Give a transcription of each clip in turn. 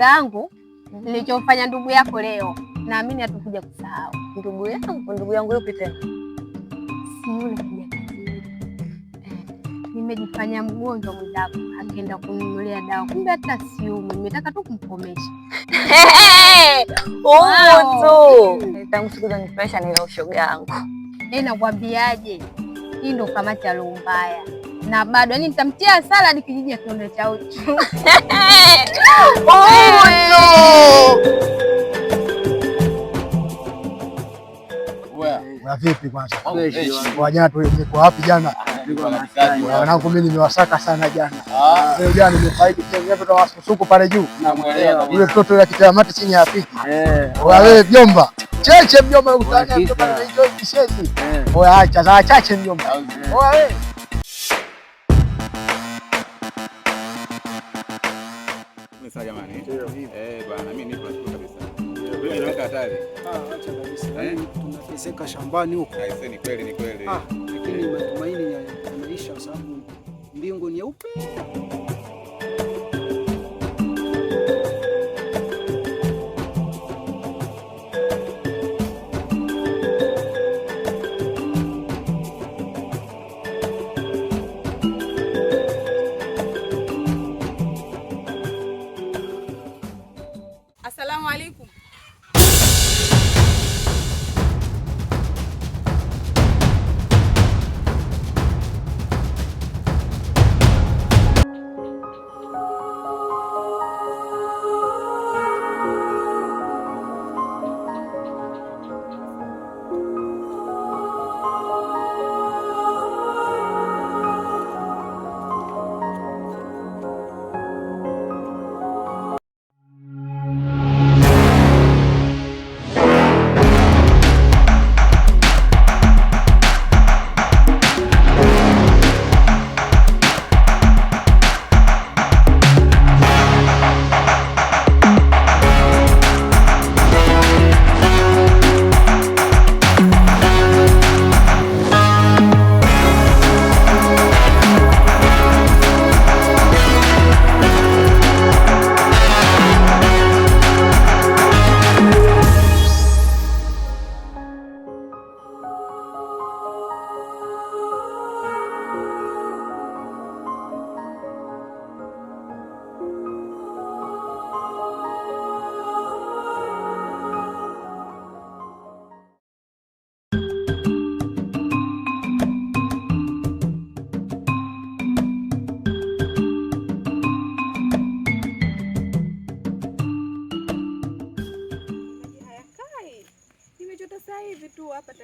ndugu yangu mhm. nilichomfanya ndugu yako leo, naamini hatukuja kusahau ndugu yangu. Ndugu yangu yupi tena? Nimejifanya mgonjwa mwenzako, akaenda kununulia dawa, kumbe hata siumu. Nimetaka tu kumkomesha tu tangu siku zanifurahisha nile ushoga yangu. Nakwambiaje, hii ndo kamati ya roho mbaya na bado yani nitamtia saladi kijiji ya kidonda cha uchi. Oh, eh. Vipi kwanza, oh, wajana tulikuwa wapi jana? Ah, wanangu mimi nimewasaka sana jana. Ah. Leo jana nimefaidi kwa suku pale juu, yule mtoto ya kitamati chini ya piki. Eh. Wewe mjomba cheche, mjomba eh. Oya acha za chache mjomba. Oya wewe. kabisa jamani. Eh, bwana mimi nipo kabisa. Wewe hatari. Ah, acha kabisa. Eh, tunateseka shambani huko. Aise, ah, ni kweli ni kweli. Ah, lakini eh. matumaini yanaisha kwa sababu mbingu nyeupe.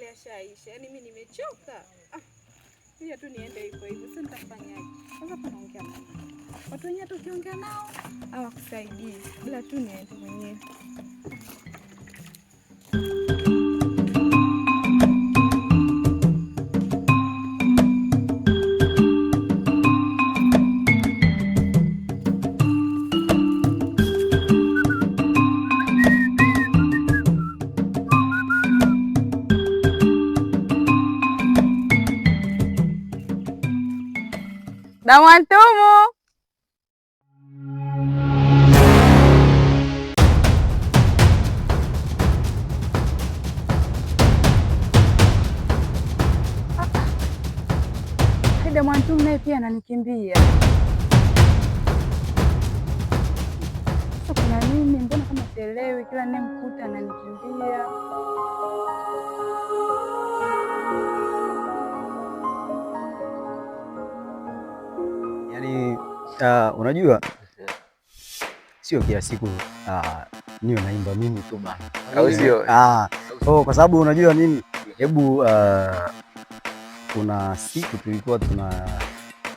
yale yashaisha. Yaani mimi nimechoka. Ah, hiyo tu niende hivyo hivyo. Sasa nitafanyaje? Sasa panaongea nao. Watu wenyewe hata nao hawakusaidii. Bila tu niende mwenyewe. Damwantumu. Damwantumu naye pia ananikimbia. Kuna nini? Mbona kama sielewi, kila nimkuta ananikimbia. yani uh, ah, unajua sio kila siku uh, ah, niyo naimba mimi tu bana, au sio? Ah, oh, kwa sababu unajua nini, hebu uh, kuna siku tulikuwa tuna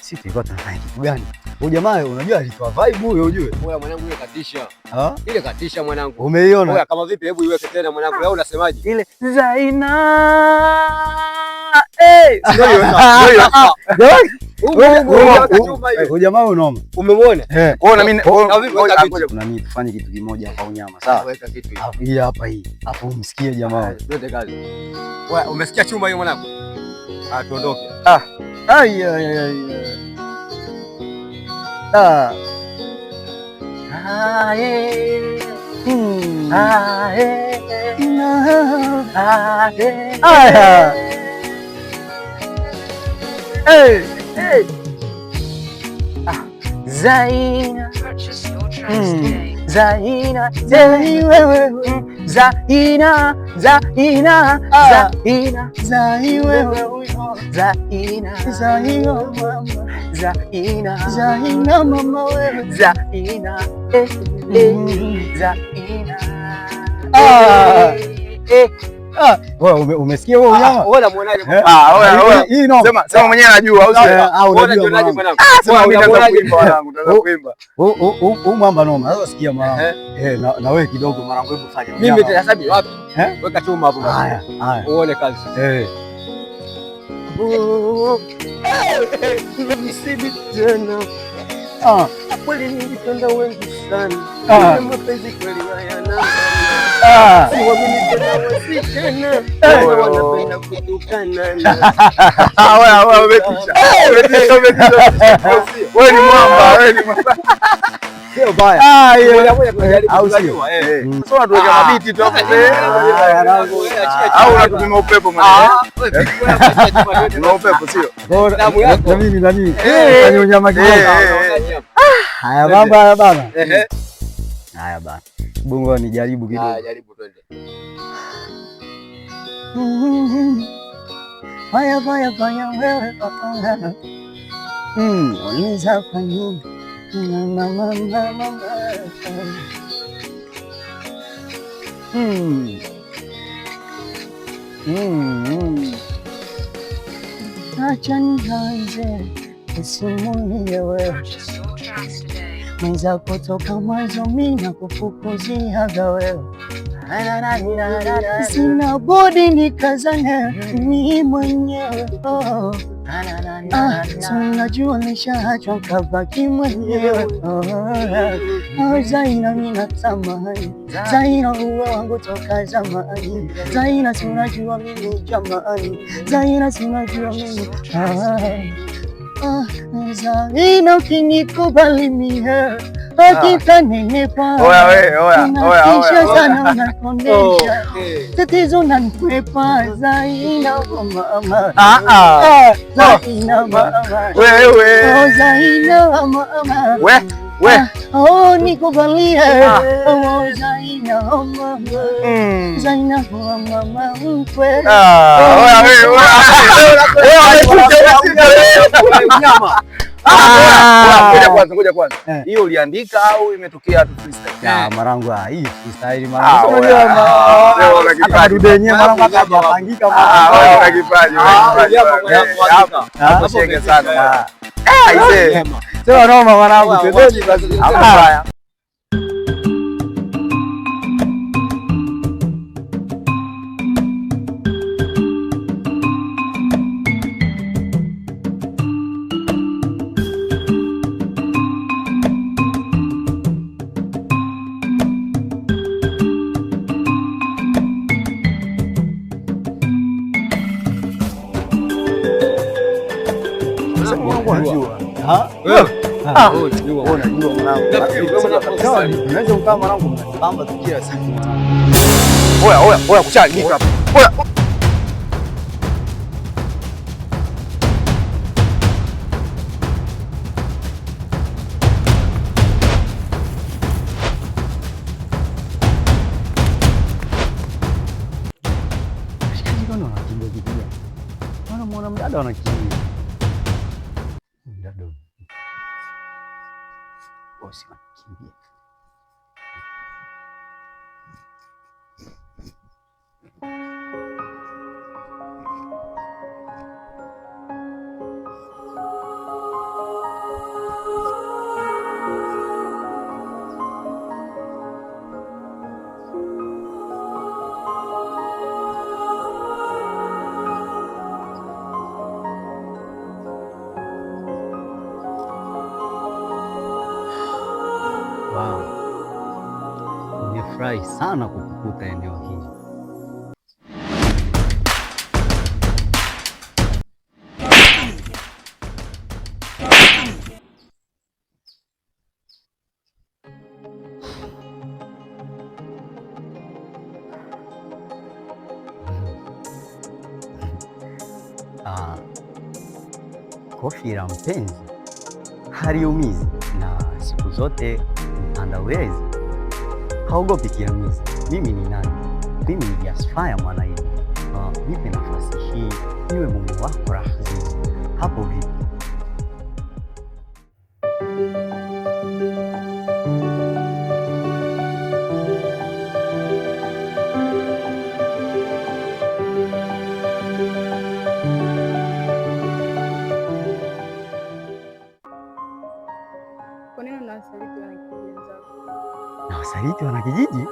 si tulikuwa tunafanya kitu gani? Huyu jamaa unajua alitoa vibe huyo, ujue. Moyo mwanangu ile katisha. Ah? Ile katisha mwanangu. Umeiona? Kama vipi, hebu iweke tena mwanangu, Wewe unasemaje? Ile Zaina Ujamaa unoma, umemwona. Nami tufanye kitu kimoja kwa unyama, sawa? Hii hapa hii, hapo umsikie jamaa. Umesikia chuma hiyo mwanangu, tuondoke. Aya. Hey, hey. Ah, Zaina. Mm. Zaina, Zaina, Zaina, Zaina, ah. Zaina, Zaina, Zaina, Zaina, Zaina, Zaina, mama wewe, Zaina, eh, eh, mm-hmm. Zaina. Ah. Eh, eh. Ah, umesikia wewe ah, unyama? Wewe unamuonaje? Eh? Ah, wewe wewe. Sema sema mwenyewe anajua au sio? Au ah, unajionaje mwanangu? Sema mimi nataka oh, kuimba mwanangu, nataka kuimba. Huu mwamba noma. Sasa sikia mwanangu. Eh, eh na wewe kidogo mwanangu hebu fanya. Mimi nitahesabu wapi? Eh? Weka chuma hapo. Haya, haya. Uone kazi. Eh. Oh, oh, Nimesidi tena. Ah. Kweli nilipenda wengi sana. Mapenzi kweli hayana. Wewe ni mwamba, wewe ni mwamba. Sio baya. Ah, au sio? Eh. Sasa tuweke mabiti tu hapo. Au unatumia upepo mwenyewe. Una upepo sio? Na mimi nani? Kanyonya maji. Haya mambo haya bana. Haya bana. Bongo ni jaribu kidogo. Ah, jaribu twende. Haya haya haya wewe papa. Mm, unaweza kufanya mama mama mama. Acha nianze kusimulia wewe mwiza kutoka mwanzo mina kufukuzia gawe sina bodi nikazane mi mwenyewe oh. Ah, tunajua nishachwa kabaki mwenyewe Zaina mina tamani Zaina uwe wangu toka zamani Zaina tunajua mimi jamani Zaina tunajua mimi ah. Ina ukinikubalimia akitanenepa nakisha sana unakonesha tatizo nanikwepa Zaina mama Zaina mama Oh, nikubalie Zaina mama Zaina mama mkwe Ah. Ngoja kwanza, eh. Hiyo uliandika au imetokea tu freestyle? Ah, marangu hii freestyle marangu. Ah, Leo una ah, Marangu hajapangika marangu. Wewe una wewe una eh, sana. Ah, eh, isee. Sema noma marangu, twendeni Oya, oya, oya kuchangika hapa. Oya. vikosi wanakimbia. nimefurahi sana kukukuta eneo hili. Hmm. Ah, kofi la mpenzi haliumizi, na siku zote mtandawizi haogopi kiambizi. Mimi ni nani? Mimi ni Jasfaya mwana hii. Uh, ah, nipe nafasi hii niwe Mungu wako Rahziz. Hapo vipi? Kwa nini unasaliti wanakimbia zako? na wasaliti wanakijiji.